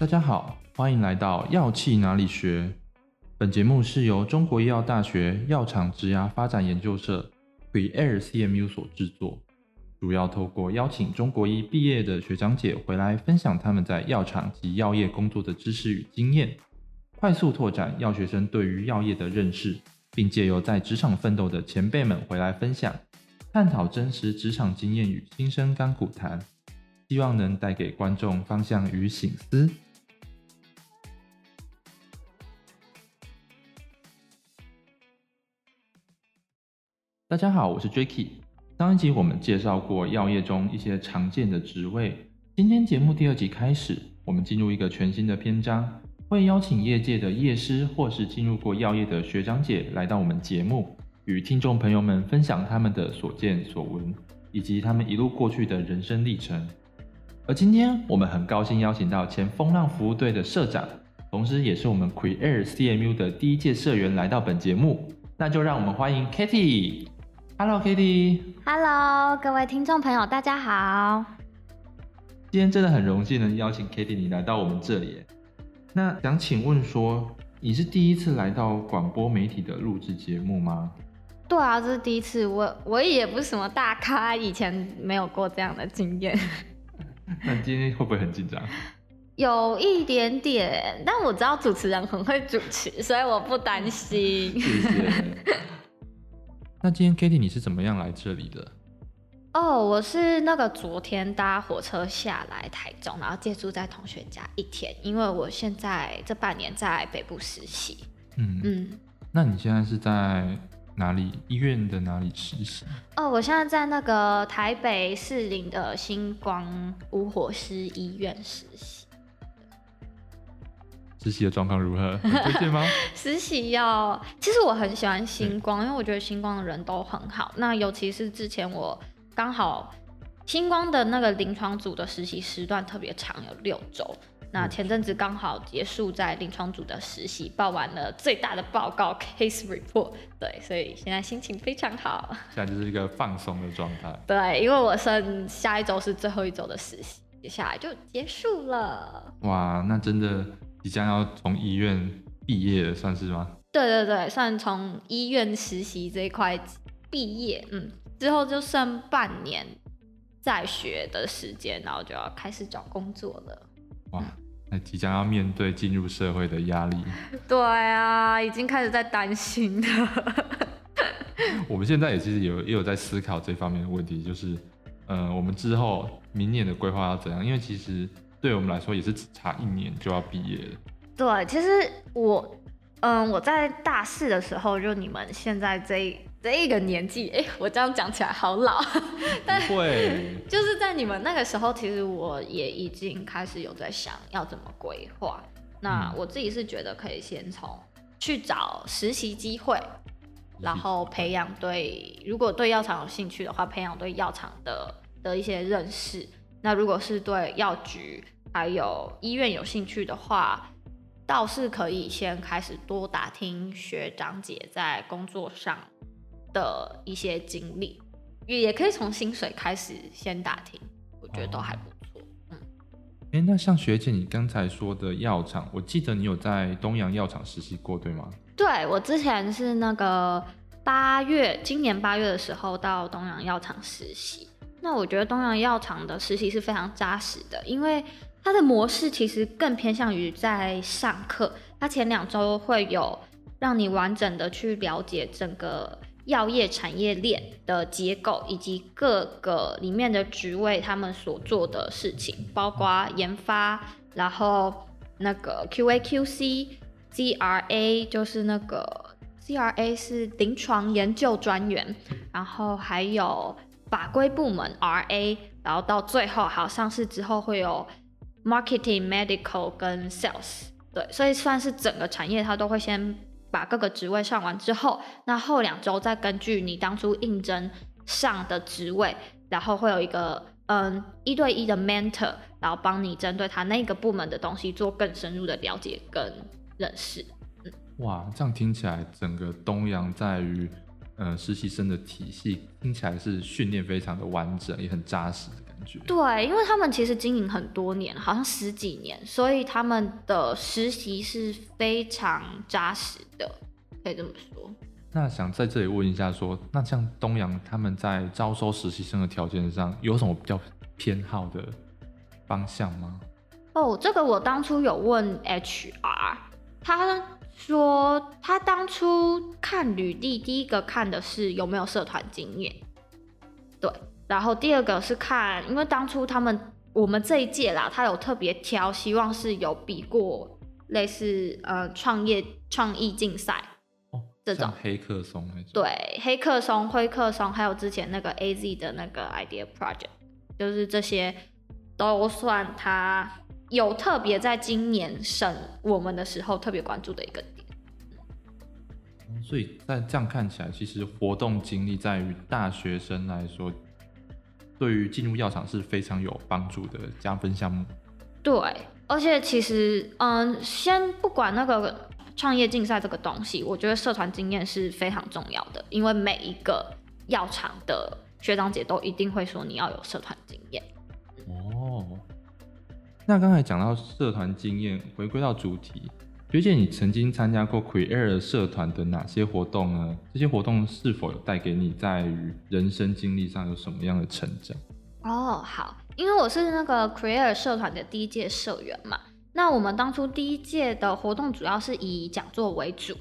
大家好，歡迎來到藥企哪裡學。本節目是由中國醫藥大學藥廠職涯發展研究社 （CreareCmu） 所製作，主要透過邀請中國醫畢業的學長姐回來分享他們在藥廠及藥業工作的知識與經驗，快速拓展藥學生對於藥業的認識，並借由在職場奮鬥的前輩們回來分享，探討真實職場經驗與新生甘苦談，希望能帶給觀眾方向與省思。大家好，我是 Jacky。上一集我們介紹過藥業中一些常見的職位。今天節目第二集開始，我們進入一個全新的篇章，會邀請業界的業師或是進入過藥業的學長姐來到我們節目，與聽眾朋友們分享他們的所見所聞，以及他們一路過去的人生歷程。而今天我們很高興邀請到前風浪服務隊的社長，同時也是我們 CreareCmu 的第一屆社員來到本節目。那就讓我們歡迎 Katy。Hello, Katy. Hello，各位聽眾朋友，大家好。今天真的很榮幸能邀請 Katy 你來到我們這裡。那想請問說，你是第一次來到廣播媒體的錄製節目嗎？對啊，這是第一次。我我也不是什麼大咖，以前沒有過這樣的經驗。 那你今天會不會很緊張？有一點點，但我知道主持人很會主持，所以我不擔心。 謝謝。那今天 Katy 你是怎麼樣來這裡的？哦，oh, 我是那個昨天搭火車下來台中，然後借住在同學家一天，因為我現在這半年在北部實習。嗯嗯，嗯那你現在是在哪裡醫院的哪裡實習？哦，oh, 我現在在那個台北士林的新光吳火獅醫院實習。實習的狀況如何？對嗎？ 實習要，其實我很喜歡星光，嗯、因為我覺得星光的人都很好。那尤其是之前我剛好星光的那個臨床組的實習時段特別長，有六周。那前陣子剛好結束在臨床組的實習，報完了最大的報告，嗯、case report。對，所以現在心情非常好，現在就是一個放鬆的狀態。對，因為我剩下一周是最後一周的實習，接下來就結束了。哇，那真的。即將要從醫院畢業了，算是嗎？對對對，算從醫院實習這一塊畢業，嗯，之後就剩半年在學的時間，然後就要開始找工作了。嗯、哇，那即將要面對進入社會的壓力。對啊，已經開始在擔心了。 我們現在也其實也有也有在思考這方面的問題，就是，呃，我們之後明年的規劃要怎樣？因為其實。對我們來說也是只差一年就要畢業了。對，其實我，嗯，我在大四的時候，就你們現在這這一個年紀，哎，我這樣講起來好老，但是，會就是在你們那個時候，其實我也已經開始有在想要怎麼規劃。那我自己是覺得可以先從去找實習機會，習然後培養對，如果對藥廠有興趣的話，培養對藥廠的的一些認識。那如果是對藥局還有醫院有興趣的話，倒是可以先開始多打聽學長姐在工作上的一些經歷，也也可以從薪水開始先打聽，我覺得都還不錯。哦、嗯。哎、欸，那像學姐你剛才說的藥廠，我記得你有在東洋藥廠實習過，對嗎？對，我之前是那個八月，今年八月的時候到東洋藥廠實習。那我覺得東洋藥廠的實習是非常扎實的，因為它的模式其實更偏向於在上課。它前兩周會有讓你完整的去了解整個藥業產業鏈的結構，以及各個裡面的職位他們所做的事情，包括研發，然後那個 QA、QC、CRA，就是那個 CRA 是臨床研究專員，然後還有。法規部門 （RA），然後到最後還有上市之後會有 marketing、medical 跟 sales，對，所以算是整個產業，它都會先把各個職位上完之後，那後兩周再根據你當初應徵上的職位，然後會有一個嗯一對一的 mentor，然後幫你針對他那個部門的東西做更深入的了解跟認識。嗯、哇，這樣聽起來整個東洋在於。呃，實習生的體系聽起來是訓練非常的完整，也很扎實的感覺。對，因為他們其實經營很多年，好像十幾年，所以他們的實習是非常扎實的，可以這麼說。那想在這裡問一下說，說那像東洋他們在招收實習生的條件上有什麼比較偏好的方向嗎？哦，這個我當初有問 HR，他。說他當初看履歷，第一個看的是有沒有社團經驗，對，然後第二個是看。因為當初他們我們這一屆啦，他有特別挑，希望是有比過類似呃創業創意競賽，哦，這種黑客松那種，對，黑客松、灰客松，還有之前那個 AZ 的那個 Idea Project，就是這些都算他有特別在今年審我們的時候特別關注的一個點。嗯，所以，在這樣看起來，其實活動經歷在於大學生來說，對於進入藥廠是非常有幫助的加分項目。對，而且其實，嗯，先不管那個創業競賽這個東西，我覺得社團經驗是非常重要的，因為每一個藥廠的學長姐都一定會說你要有社團經驗。那剛才講到社團經驗，回歸到主題，學姐，你曾經參加過 Creare 社團的哪些活動呢？這些活動是否有帶給你在於人生經歷上有什麼樣的成長？哦，好，因為我是那個 Creare 社團的第一屆社員嘛。那我們當初第一屆的活動主要是以講座為主，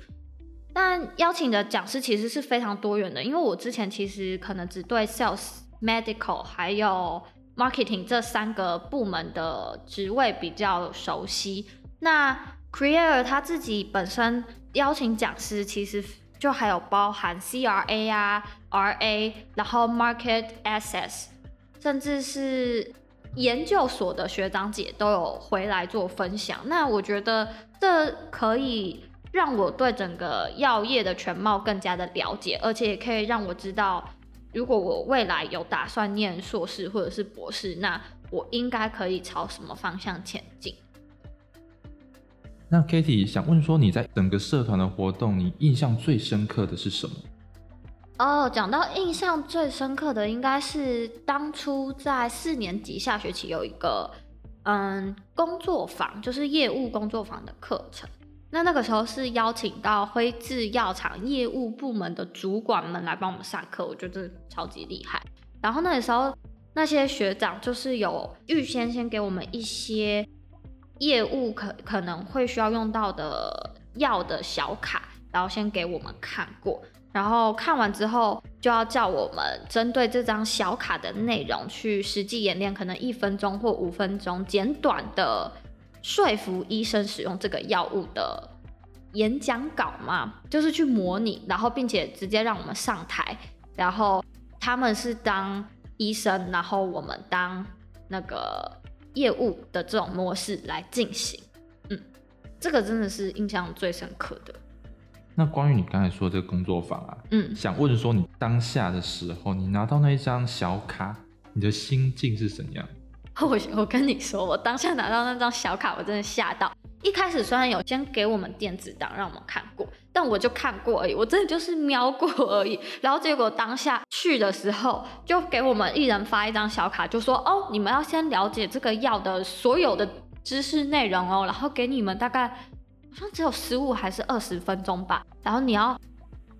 但邀請的講師其實是非常多元的。因為我之前其實可能只對 Sales、Medical 還有。marketing 這三個部門的職位比較熟悉。那 c r e e r 他自己本身邀請講師，其實就還有包含 CRA 啊、RA，然後 market a e s s 甚至是研究所的學長姐都有回來做分享。那我覺得這可以讓我對整個藥業的全貌更加的了解，而且也可以讓我知道。如果我未來有打算念碩士或者是博士，那我應該可以朝什麼方向前進？那 Katy 想問說，你在整個社團的活動，你印象最深刻的是什麼？哦，講到印象最深刻的，應該是當初在四年級下學期有一個嗯工作坊，就是業務工作坊的課程。那那個時候是邀請到輝制藥廠業務部門的主管們來幫我們上課，我覺得超級厲害。然後那個時候那些學長就是有預先先給我們一些業務可可能會需要用到的藥的小卡，然後先給我們看過，然後看完之後就要叫我們針對這張小卡的內容去實際演練，可能一分鐘或五分鐘，簡短的。說服醫生使用這個藥物的演講稿嘛，就是去模擬，然後並且直接讓我們上台，然後他們是當醫生，然後我們當那個業務的這種模式來進行。嗯，這個真的是印象最深刻的。那關於你剛才說這個工作坊啊，嗯，想問說你當下的時候，你拿到那一張小卡，你的心境是怎樣？我我跟你說，我當下拿到那張小卡，我真的嚇到。一開始雖然有先給我們電子檔讓我們看過，但我就看過而已，我真的就是瞄過而已。然後結果當下去的時候，就給我們一人發一張小卡，就說：“哦，你們要先了解這個藥的所有的知識內容哦，然後給你們大概好像只有十五還是二十分鐘吧，然後你要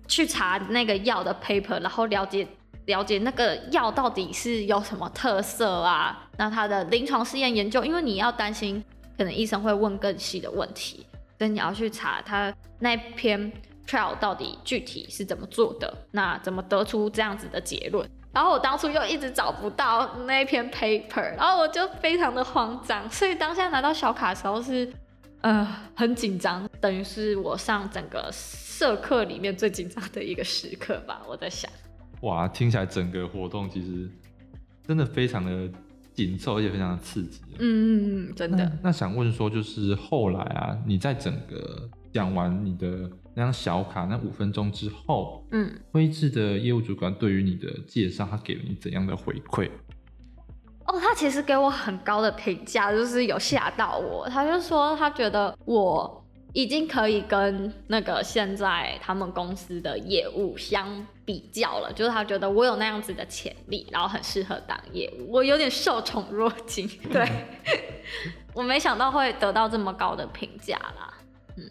去查那個藥的 paper，然後了解。”了解那個藥到底是有什麼特色啊？那他的臨床試驗研究，因為你要擔心，可能醫生會問更細的問題，所以你要去查他那篇 trial 到底具體是怎麼做的，那怎麼得出這樣子的結論？然後我當初又一直找不到那一篇 paper，然後我就非常的慌張，所以當下拿到小卡的時候是，呃，很緊張，等於是我上整個社課裡面最緊張的一個時刻吧，我在想。哇，聽起來整個活動其實真的非常的緊湊，而且非常的刺激。嗯嗯嗯，真的。那，那想問說，就是後來啊，你在整個講完你的那張小卡那五分鐘之後，嗯，輝智的業務主管對於你的介紹，他給了你怎樣的回饋？哦，他其實給我很高的評價，就是有嚇到我。他就說他覺得我。已經可以跟那個現在他們公司的業務相比較了，就是他覺得我有那樣子的潛力，然後很適合當業務，我有點受寵若驚，對 我沒想到會得到這麼高的評價啦。嗯，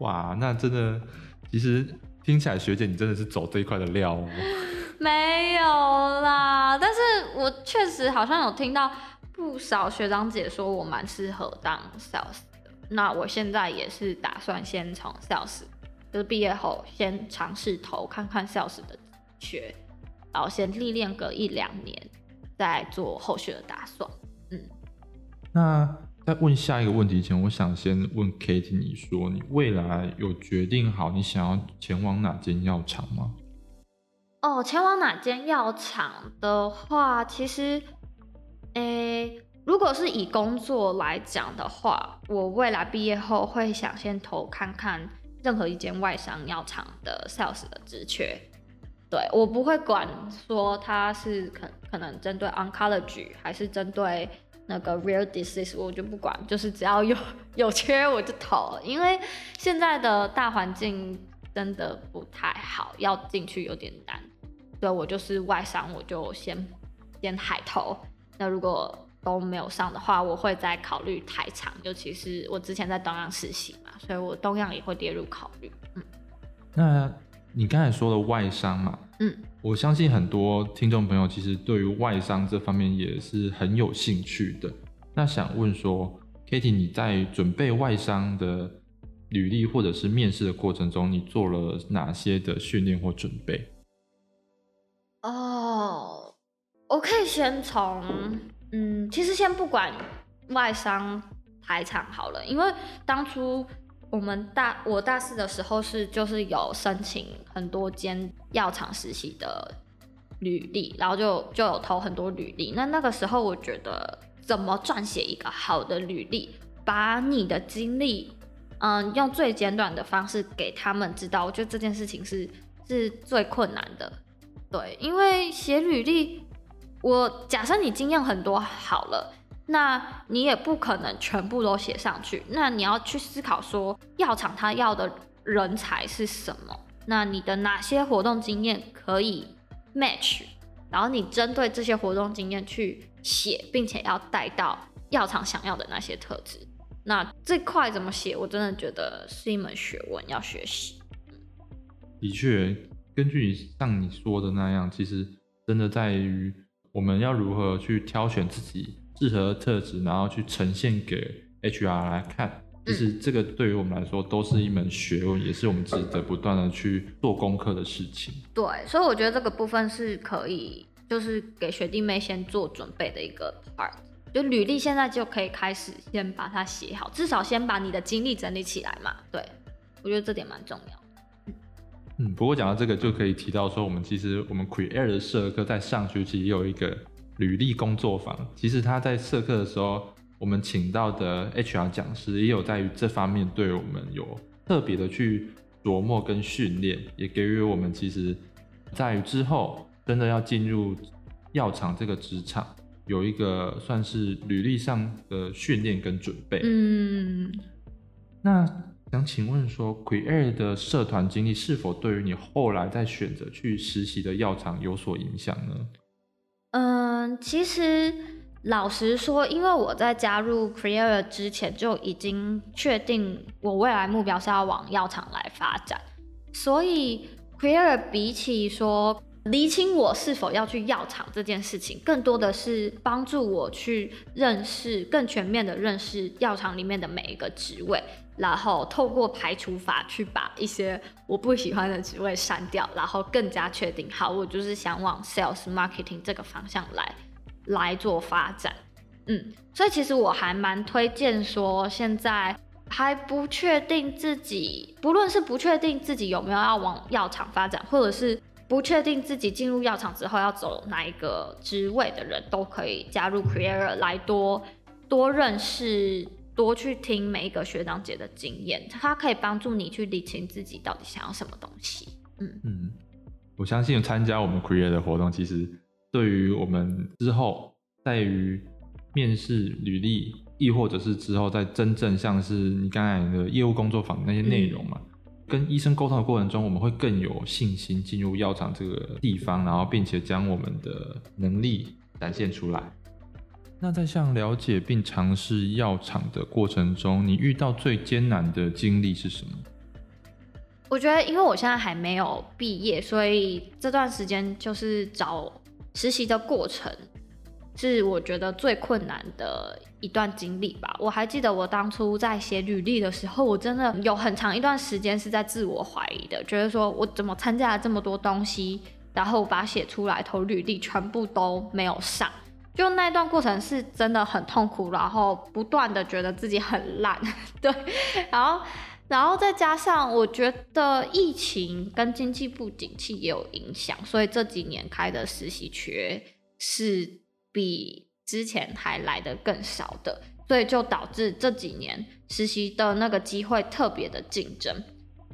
哇，那真的，其實聽起來學姐你真的是走這一塊的料哦。沒有啦，但是我確實好像有聽到不少學長姐說我蠻適合當 sales。那我現在也是打算先從 sales，就是畢業後先嘗試投看看 sales 的缺，然後先歷練個一兩年，再做後續的打算。嗯。那在問下一個問題前，我想先問 Katy，你說你未來有決定好你想要前往哪間藥廠嗎？哦，前往哪間藥廠的話，其實，誒、欸。如果是以工作來講的話，我未來畢業後會想先投看看任何一間外商藥廠的 sales 的職缺。對，我不會管說他是可可能針對 oncology 還是針對那個 real disease，我就不管，就是只要有有缺我就投，因為現在的大環境真的不太好，要進去有點難，對，我就是外商，我就先先海投，那如果，都沒有上的話，我會再考慮台廠，尤其是我之前在東洋實習嘛，所以我東洋也會列入考慮。嗯，那你剛才說的外商嘛，嗯，我相信很多聽眾朋友其實對於外商這方面也是很有興趣的。那想問說，Katy，你在準備外商的履歷或者是面試的過程中，你做了哪些的訓練或準備？哦，我可以先從。嗯嗯，其實先不管外商台廠好了，因為當初我們大我大四的時候是就是有申請很多間藥廠實習的履歷，然後就就有投很多履歷。那那個時候我覺得怎麼撰寫一個好的履歷，把你的經歷，嗯，用最簡短的方式給他們知道，我覺得這件事情是是最困難的。對，因為寫履歷。我假設你經驗很多好了，那你也不可能全部都寫上去。那你要去思考說，藥廠他要的人才是什麼？那你的哪些活動經驗可以 match？然後你針對這些活動經驗去寫，並且要帶到藥廠想要的那些特質。那這塊怎麼寫，我真的覺得是一門學問，要學習。的確，根據你像你說的那樣，其實真的在於。我們要如何去挑選自己適合的特質，然後去呈現給 HR 來看，嗯，其實這個對於我們來說都是一門學問，也是我們值得不斷的去做功課的事情。對，所以我覺得這個部分是可以，就是給學弟妹先做準備的一個 part，就履歷現在就可以開始先把它寫好，至少先把你的經歷整理起來嘛。對，我覺得這點蠻重要。嗯，不過講到這個就可以提到說，我們其實我們 Creare 的社課在上學期也有一個履歷工作坊。其實他在社課的時候，我們請到的 HR 講師也有在於這方面對我們有特別的去琢磨跟訓練，也給予我們其實，在之後真的要進入藥廠這個職場，有一個算是履歷上的訓練跟準備。嗯，那。想請問說，Creare 的社團經歷是否對於你後來在選擇去實習的藥廠有所影響呢？嗯，其實老實說，因為我在加入 Creare 之前就已經確定我未來目標是要往藥廠來發展，所以 Creare 比起說。釐清我是否要去藥廠這件事情，更多的是幫助我去認識更全面的認識藥廠裡面的每一個職位，然後透過排除法去把一些我不喜歡的職位刪掉，然後更加確定好我就是想往 sales marketing 這個方向來來做發展。嗯，所以其實我還蠻推薦說，現在還不確定自己，不論是不確定自己有沒有要往藥廠發展，或者是。不確定自己進入藥廠之後要走哪一個職位的人都可以加入 Creare 來多多認識、多去聽每一個學長姐的經驗，它可以幫助你去釐清自己到底想要什麼東西。嗯嗯，我相信參加我們 Creare 的活動，其實對於我們之後在於面試、履歷，亦或者是之後在真正像是你剛才的業務工作坊那些內容嘛。嗯跟醫生溝通的過程中，我們會更有信心進入藥廠這個地方，然後並且將我們的能力展現出來。那在想了解並嘗試藥廠的過程中，你遇到最艱難的經歷是什麼？我覺得，因為我現在還沒有畢業，所以這段時間就是找實習的過程。是我覺得最困難的一段經歷吧。我還記得我當初在寫履歷的時候，我真的有很長一段時間是在自我懷疑的，覺得說我怎麼參加了這麼多東西，然後把寫出來投履歷全部都沒有上。就那段過程是真的很痛苦，然後不斷的覺得自己很爛，對，然後然後再加上我覺得疫情跟經濟不景氣也有影響，所以這幾年開的實習缺是比之前還來得更少的，所以就導致這幾年實習的那個機會特別的競爭，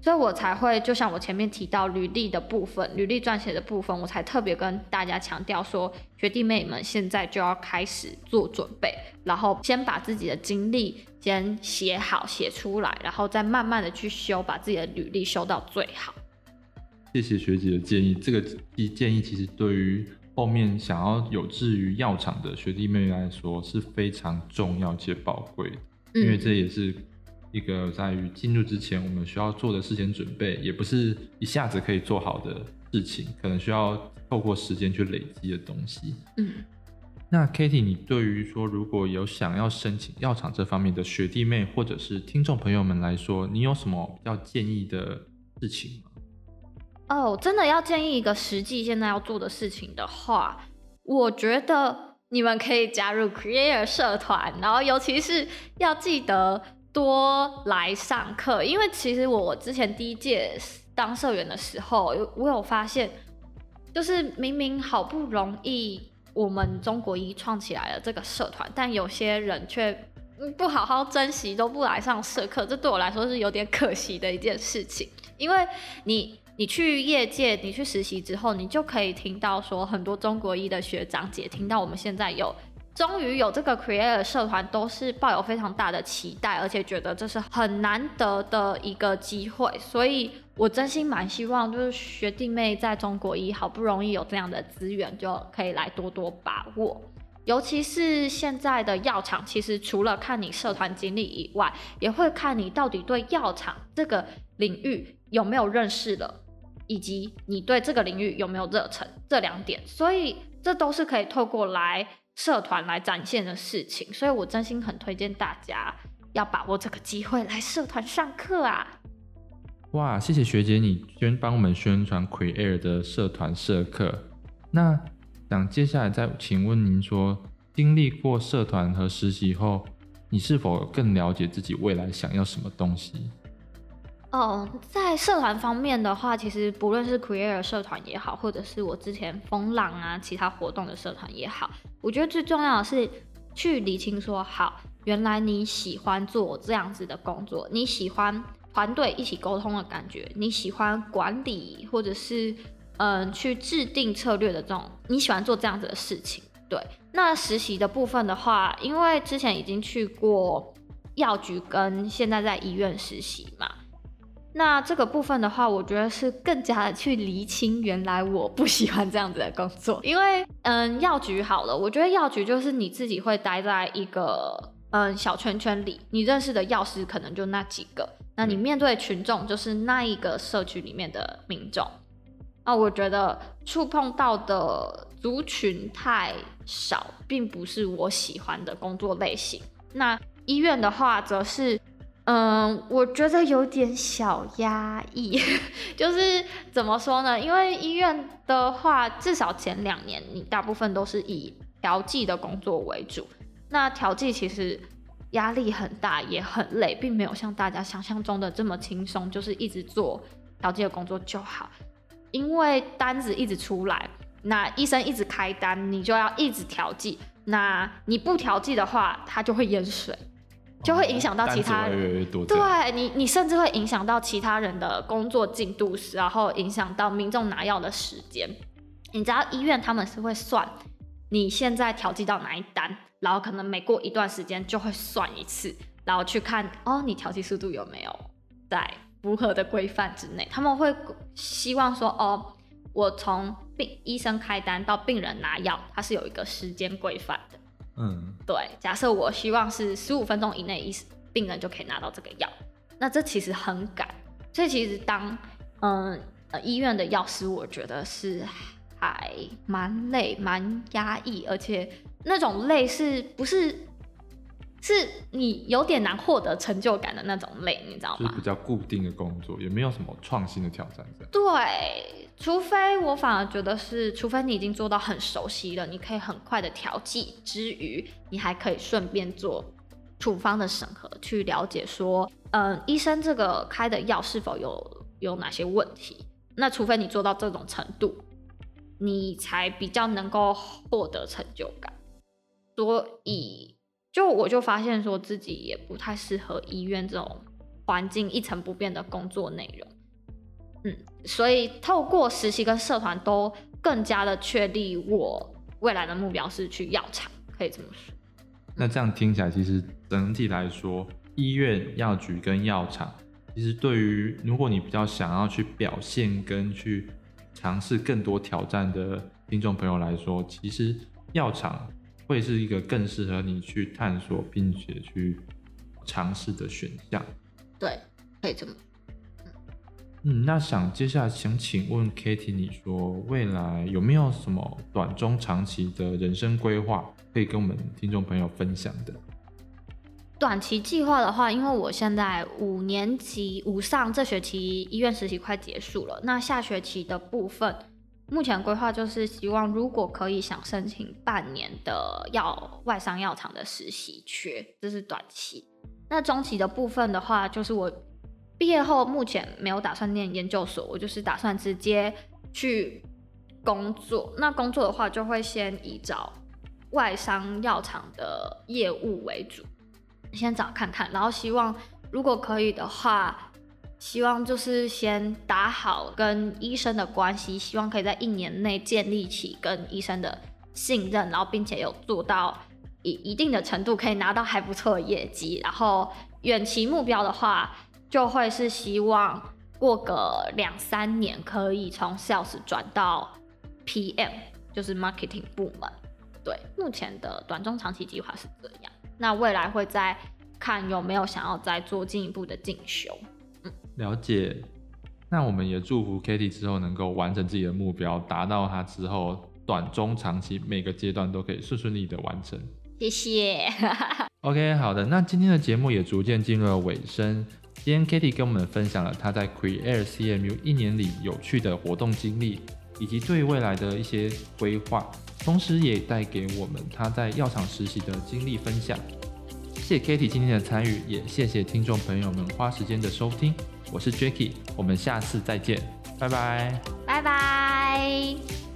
所以我才會就像我前面提到履歷的部分、履歷撰寫的部分，我才特別跟大家強調說，學弟妹們現在就要開始做準備，然後先把自己的經歷先寫好寫出來，然後再慢慢的去修，把自己的履歷修到最好。謝謝學姐的建議，這個一建議其實對於，後面想要有志於藥廠的學弟妹來說是非常重要且寶貴的，因為這也是一個在於進入之前我們需要做的事前準備，也不是一下子可以做好的事情，可能需要透過時間去累積的東西。嗯，那 Katy，你對於說如果有想要申請藥廠這方面的學弟妹或者是聽眾朋友們來說，你有什麼比較建議的事情？哦，oh, 真的要建議一個實際現在要做的事情的話，我覺得你們可以加入 Creare 社團，然後尤其是要記得多來上課。因為其實我之前第一屆當社員的時候，我有發現，就是明明好不容易我們中國一創起來了這個社團，但有些人卻不好好珍惜，都不來上社課，這對我來說是有點可惜的一件事情，因為你。你去業界，你去實習之後，你就可以聽到說很多中國醫的學長姐聽到我們現在有終於有這個 Creare 社團，都是抱有非常大的期待，而且覺得這是很難得的一個機會。所以我真心蠻希望就是學弟妹在中國醫好不容易有這樣的資源，就可以來多多把握。尤其是現在的藥廠，其實除了看你社團經歷以外，也會看你到底對藥廠這個領域有沒有認識了，以及你對這個領域有沒有熱忱，這兩點，所以這都是可以透過來社團來展現的事情，所以我真心很推薦大家要把握這個機會來社團上課啊！哇，謝謝學姐，你先幫我們宣傳 Creare 的社團社課。那想接下來再請問您說，經歷過社團和實習後，你是否更了解自己未來想要什麼東西？哦，oh, 在社團方面的話，其實不論是 Creare 社團也好，或者是我之前風浪啊，其他活動的社團也好，我覺得最重要的是去理清說，好，原來你喜歡做這樣子的工作，你喜歡團隊一起溝通的感覺，你喜歡管理或者是嗯去制定策略的這種，你喜歡做這樣子的事情。對，那實習的部分的話，因為之前已經去過藥局，跟現在在醫院實習嘛。那這個部分的話，我覺得是更加的去釐清原來我不喜歡這樣子的工作，因為嗯，藥局好了，我覺得藥局就是你自己會待在一個嗯小圈圈裡，你認識的藥師可能就那幾個，那你面對群眾就是那一個社區裡面的民眾，那我覺得觸碰到的族群太少，並不是我喜歡的工作類型。那醫院的話，則是。嗯，我覺得有點小壓抑，就是怎麼說呢？因為醫院的話，至少前兩年你大部分都是以調劑的工作為主。那調劑其實壓力很大，也很累，並沒有像大家想象中的這麼輕鬆，就是一直做調劑的工作就好。因為單子一直出來，那醫生一直開單，你就要一直調劑。那你不調劑的話，它就會淹水。就會影響到其他，為為對你，你甚至會影響到其他人的工作進度時，時然後影響到民眾拿藥的時間。你知道醫院他們是會算你現在調劑到哪一單，然後可能每過一段時間就會算一次，然後去看哦，你調劑速度有沒有在符合的規範之內。他們會希望說哦，我從病醫生開單到病人拿藥，它是有一個時間規範的。嗯，對，假設我希望是十五分鐘以內，醫病人就可以拿到這個藥，那這其實很趕，所以其實當，嗯，呃，醫院的藥師，我覺得是還蠻累，蠻壓抑，而且那種累是不是？是你有點難獲得成就感的那種類，你知道嗎？就是比較固定的工作，也沒有什麼創新的挑戰。對，除非我反而覺得是，除非你已經做到很熟悉了，你可以很快的調劑之餘，你還可以順便做處方的審核，去了解說，嗯，醫生這個開的藥是否有有哪些問題？那除非你做到這種程度，你才比較能夠獲得成就感。所以，嗯就我就發現說自己也不太適合醫院這種環境，一成不變的工作內容，嗯，所以透過實習跟社團都更加的確立我未來的目標是去藥廠，可以這麼說，嗯。那這樣聽起來，其實整體來說，醫院、藥局跟藥廠，其實對於如果你比較想要去表現跟去嘗試更多挑戰的聽眾朋友來說，其實藥廠，會是一個更適合你去探索並且去嘗試的選項。對，可以這麼。嗯，嗯，那想接下來想請問 Katy 你說，未來有沒有什麼短中長期的人生規劃可以跟我們聽眾朋友分享的？短期計劃的話，因為我現在五年級五上這學期醫院實習快結束了，那下學期的部分。目前規劃就是希望，如果可以，想申請半年的藥外商藥廠的實習缺。這是短期。那中期的部分的話，就是我畢業後目前沒有打算念研究所，我就是打算直接去工作。那工作的話，就會先以找外商藥廠的業務為主，先找看看，然後希望如果可以的話。希望就是先打好跟醫生的關係，希望可以在一年內建立起跟醫生的信任，然後並且有做到一一定的程度，可以拿到還不錯的業績。然後遠期目標的話，就會是希望過個兩三年可以從 sales 轉到 PM，就是 marketing 部門。對，目前的短中長期計劃是這樣。那未來會再看有沒有想要再做進一步的進修。了解，那我們也祝福 Katy 之後能夠完成自己的目標，達到她之後短、中、長期每個階段都可以順順利利的完成。謝謝。哈哈。OK，好的，那今天的節目也逐漸進入了尾聲。今天 Katy 跟我們分享了她在 Creare CMU 一年裡有趣的活動經歷，以及對未來的一些規劃，同時也帶給我們她在藥廠實習的經歷分享。謝謝 Katy 今天的參與，也謝謝聽眾朋友們花時間的收聽。我是 Jackie，我們下次再見，拜拜，拜拜。